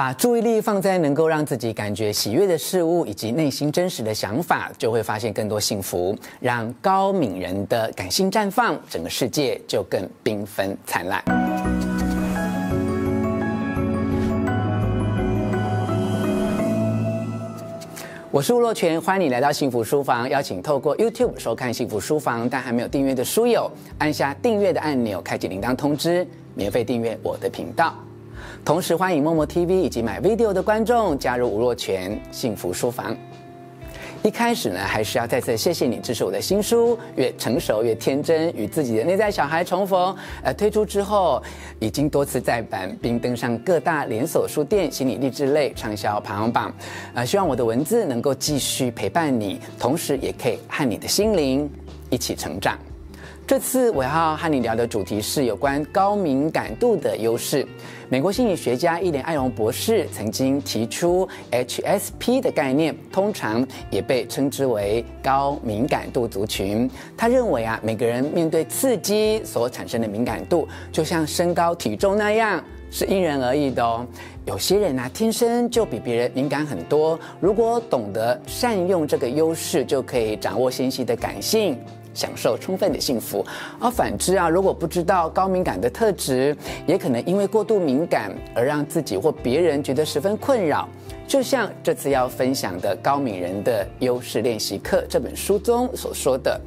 把注意力放在能夠讓自己感覺喜悅的事物以及內心真實的想法，就會發現更多幸福。讓高敏人的感性綻放，整個世界就更繽紛燦爛。我是吳若權，歡迎你來到幸福書房。邀請透過 YouTube 收看幸福書房，但還沒有訂閱的書友，按下訂閱的按鈕，開啟鈴鐺通知，免費訂閱我的頻道。同時歡迎默默 TV 以及買 video 的觀眾加入吳若權幸福書房。一開始呢，還是要再次謝謝你支持我的新書《越成熟越天真：與自己的內在小孩重逢》。呃，推出之後已經多次再版，並登上各大連鎖書店心理勵志類暢銷排行榜。呃，希望我的文字能夠繼續陪伴你，同時也可以和你的心靈一起成長。這次我要和你聊的主題是有關高敏感度的優勢。美國心理學家伊蓮·艾隆博士曾經提出 HSP 的概念，通常也被稱之為高敏感度族群。他認為啊，每個人面對刺激所產生的敏感度，就像身高、體重那樣，是因人而異的哦。有些人呢、啊，天生就比別人敏感很多。如果懂得善用這個優勢，就可以掌握信息的感性，享受充分的幸福，而、啊、反之啊，如果不知道高敏感的特質，也可能因為過度敏感而讓自己或別人覺得十分困擾。就像這次要分享的《高敏人的優勢練習課》這本書中所說的。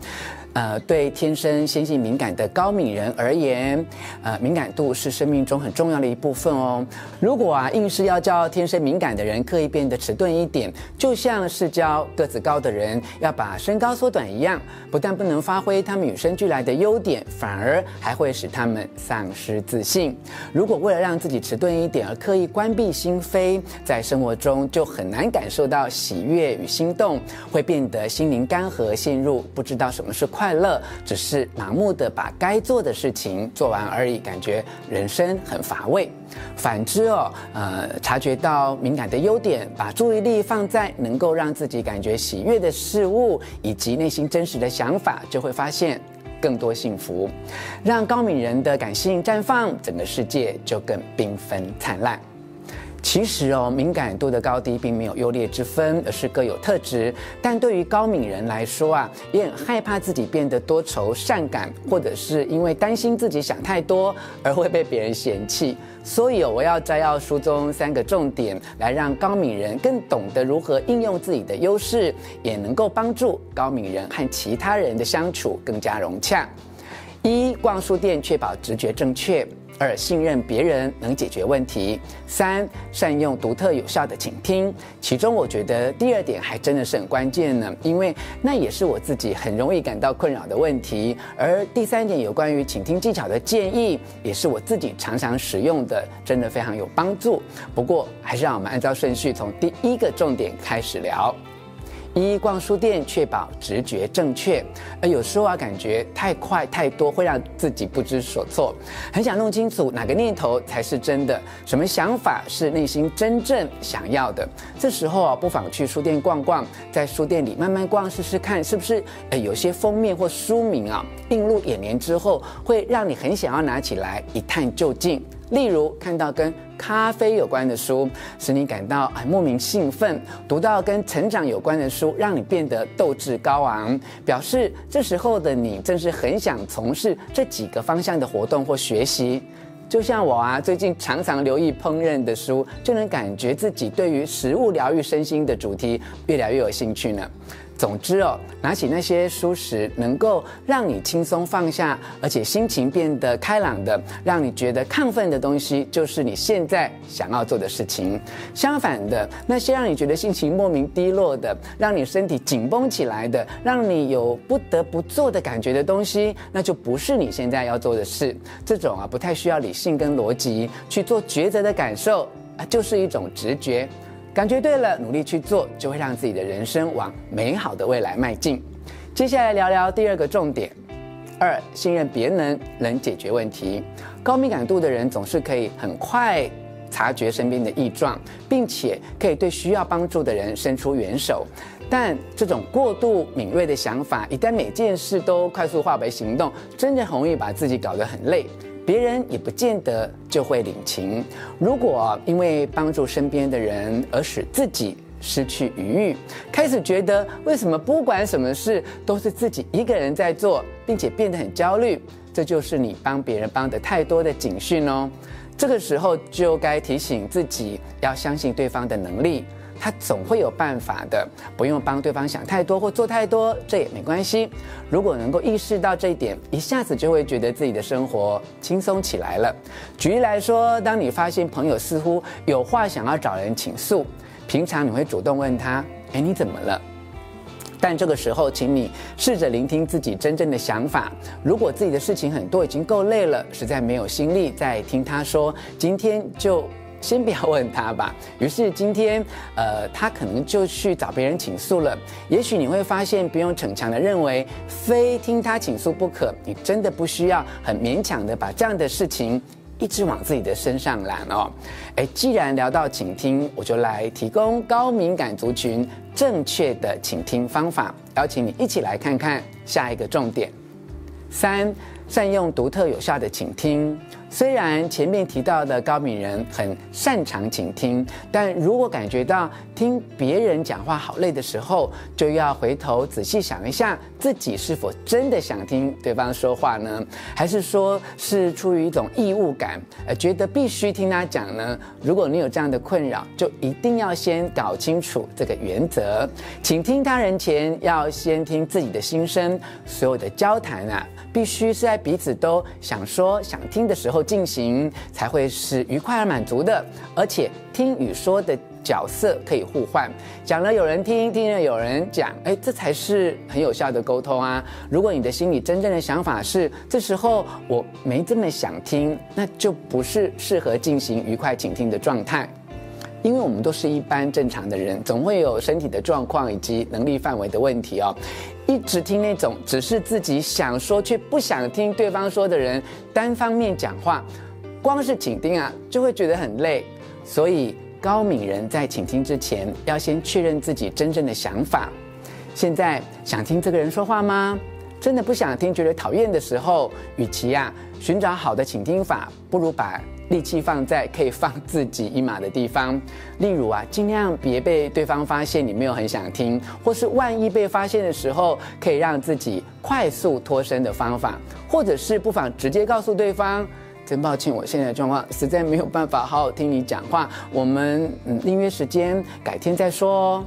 呃，對天生纖細敏感的高敏人而言，呃，敏感度是生命中很重要的一部分哦。如果啊，硬是要叫天生敏感的人刻意變得遲鈍一點，就像是教個子高的人要把身高縮短一樣，不但不能發揮他們與生俱來的優點，反而還會使他們喪失自信。如果為了讓自己遲鈍一點而刻意關閉心扉，在生活中就很難感受到喜悅與心動，會變得心靈乾涸，陷入不知道什麼是快。快樂只是盲目的把該做的事情做完而已，感覺人生很乏味。反之哦，呃，察覺到敏感的優點，把注意力放在能夠讓自己感覺喜悅的事物以及內心真實的想法，就會發現更多幸福。讓高敏人的感性綻放，整個世界就更繽紛燦爛。其實哦，敏感度的高低並沒有優劣之分，而是各有特質。但對於高敏人來說啊，也很害怕自己變得多愁善感，或者是因為擔心自己想太多而會被別人嫌棄。所以哦，我要摘要書中三個重點，來讓高敏人更懂得如何應用自己的優勢，也能夠幫助高敏人和其他人的相處更加融洽。一、逛書店，確保直覺正確。二、信任別人能解決問題；三、善用獨特有效的傾聽。其中，我覺得第二點還真的是很關鍵呢，因為那也是我自己很容易感到困擾的問題。而第三點有關於傾聽技巧的建議，也是我自己常常使用的，真的非常有幫助。不過，還是讓我們按照順序從第一個重點開始聊。一,一逛書店，確保直覺正確。而有時候啊，感覺太快太多，會讓自己不知所措，很想弄清楚哪個念頭才是真的，什麼想法是內心真正想要的。這時候啊，不妨去書店逛逛，在書店裡慢慢逛，試試看是不是呃，有些封面或書名啊，映入眼簾之後，會讓你很想要拿起來一探究竟。例如，看到跟。咖啡有關的書使你感到莫名興奮，讀到跟成長有關的書讓你變得鬥志高昂，表示這時候的你正是很想從事這幾個方向的活動或學習。就像我啊，最近常常留意烹飪的書，就能感覺自己對於食物療癒身心的主題越來越有興趣呢。總之哦，拿起那些書時能夠讓你輕鬆放下，而且心情變得開朗的，讓你覺得亢奮的東西，就是你現在想要做的事情。相反的，那些讓你覺得心情莫名低落的，讓你身體緊繃起來的，讓你有不得不做的感覺的東西，那就不是你現在要做的事。這種啊，不太需要理性跟邏輯去做抉擇的感受啊，就是一種直覺。感覺對了，努力去做，就會讓自己的人生往美好的未來邁進。接下來聊聊第二個重點：二，信任別人能解決問題。高敏感度的人總是可以很快察覺身邊的異狀，並且可以對需要幫助的人伸出援手。但這種過度敏銳的想法，一旦每件事都快速化為行動，真的容易把自己搞得很累。別人也不見得就會領情。如果因為幫助身邊的人而使自己失去餘裕，開始覺得為什麼不管什麼事都是自己一個人在做，並且變得很焦慮，這就是你幫別人幫得太多的警訊哦。這個時候就該提醒自己，要相信對方的能力。他總會有辦法的，不用幫對方想太多或做太多，這也沒關係。如果能夠意識到這一點，一下子就會覺得自己的生活輕鬆起來了。舉例來說，當你發現朋友似乎有話想要找人傾訴，平常你會主動問他：“誒，你怎麼了？”但這個時候，請你試着聆聽自己真正的想法。如果自己的事情很多，已經夠累了，實在沒有心力再聽他說，今天就。先不要問他吧。於是今天，呃，他可能就去找別人傾訴了。也許你會發現，不用逞強的認為非聽他傾訴不可，你真的不需要很勉強的把這樣的事情一直往自己的身上攬哦。誒，既然聊到傾聽，我就來提供高敏感族群正確的傾聽方法，邀請你一起來看看下一個重點：三，善用獨特有效的傾聽。雖然前面提到的高敏人很擅長傾聽，但如果感覺到聽別人講話好累的時候，就要回頭仔細想一下，自己是否真的想聽對方說話呢？還是說是出於一種義務感，呃，覺得必須聽他講呢？如果你有這樣的困擾，就一定要先搞清楚這個原則：傾聽他人前要先聽自己的心聲。所有的交談啊，必須是在彼此都想說、想聽的時候。進行才會是愉快而滿足的，而且聽與說的角色可以互換，講了有人聽，聽了有人講，哎，這才是很有效的溝通啊！如果你的心裡真正的想法是這時候我沒這麼想聽，那就不是適合進行愉快傾聽的狀態。因為我們都是一般正常的人，總會有身體的狀況以及能力範圍的問題哦。一直聽那種只是自己想說卻不想聽對方說的人單方面講話，光是傾聽啊就會覺得很累。所以高敏人在傾聽之前要先確認自己真正的想法。現在想聽這個人說話嗎？真的不想聽，覺得討厭的時候，與其啊尋找好的傾聽法，不如把。力氣放在可以放自己一馬的地方，例如啊，儘量別被對方發現你沒有很想聽，或是萬一被發現的時候，可以讓自己快速脫身的方法，或者是不妨直接告訴對方，真抱歉，我現在的狀況實在沒有辦法好好聽你講話，我們嗯，另約時間，改天再說哦。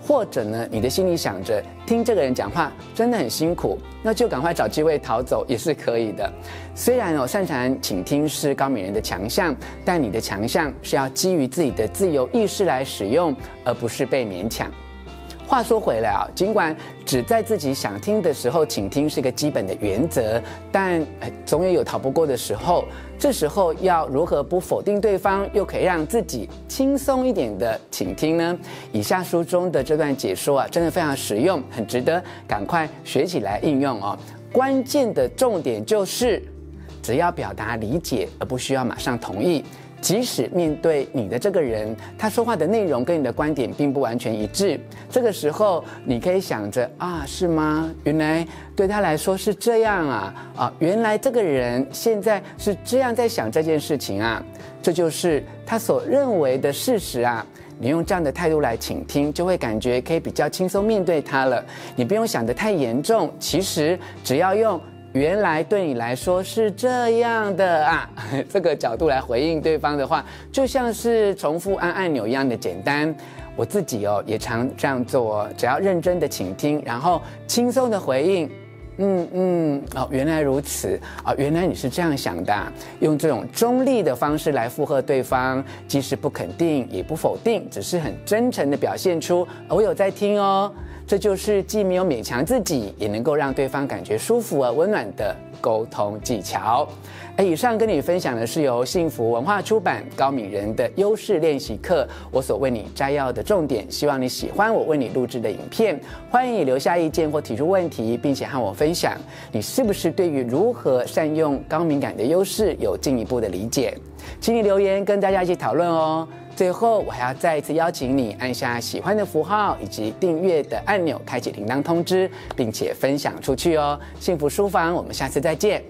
或者呢，你的心裡想着聽這個人講話真的很辛苦，那就趕快找機會逃走也是可以的。雖然我、哦、擅長傾聽是高敏人的強項，但你的強項是要基於自己的自由意識來使用，而不是被勉強。話說回來啊，儘管只在自己想聽的時候傾聽是一個基本的原則，但總也有逃不過的時候。這時候要如何不否定對方，又可以讓自己輕鬆一點的傾聽呢？以下書中的這段解說啊，真的非常實用，很值得趕快學起來應用哦。關鍵的重點就是，只要表達理解，而不需要馬上同意。即使面對你的這個人，他說話的內容跟你的觀點並不完全一致，這個時候你可以想着啊，是嗎？原來對他來說是這樣啊啊，原來這個人現在是這樣在想這件事情啊，這就是他所認為的事實啊。你用這樣的態度來傾聽，就會感覺可以比較輕鬆面對他了。你不用想得太嚴重，其實只要用。原來對你來說是這樣的啊！這個角度來回應對方的話，就像是重複按按鈕一樣的簡單。我自己哦，也常這樣做哦，只要認真的傾聽，然後輕鬆的回應，嗯嗯，哦，原來如此啊，哦，原來你是這樣想的啊。用這種中立的方式來附和對方，即使不肯定也不否定，只是很真誠地表現出我有在聽哦。這就是既沒有勉強自己，也能夠讓對方感覺舒服而溫暖的溝通技巧。而以上跟你分享的是由幸福文化出版《高敏人的優勢練習課》我所為你摘要的重點，希望你喜歡我為你錄制的影片。歡迎你留下意見或提出問題，並且和我分享，你是不是對於如何善用高敏感的優勢有進一步的理解？請你留言跟大家一起討論哦。最後，我還要再一次邀請你按下喜歡的符號以及訂閱的按鈕，開啟鈴鐺通知，並且分享出去哦。幸福書房，我們下次再見。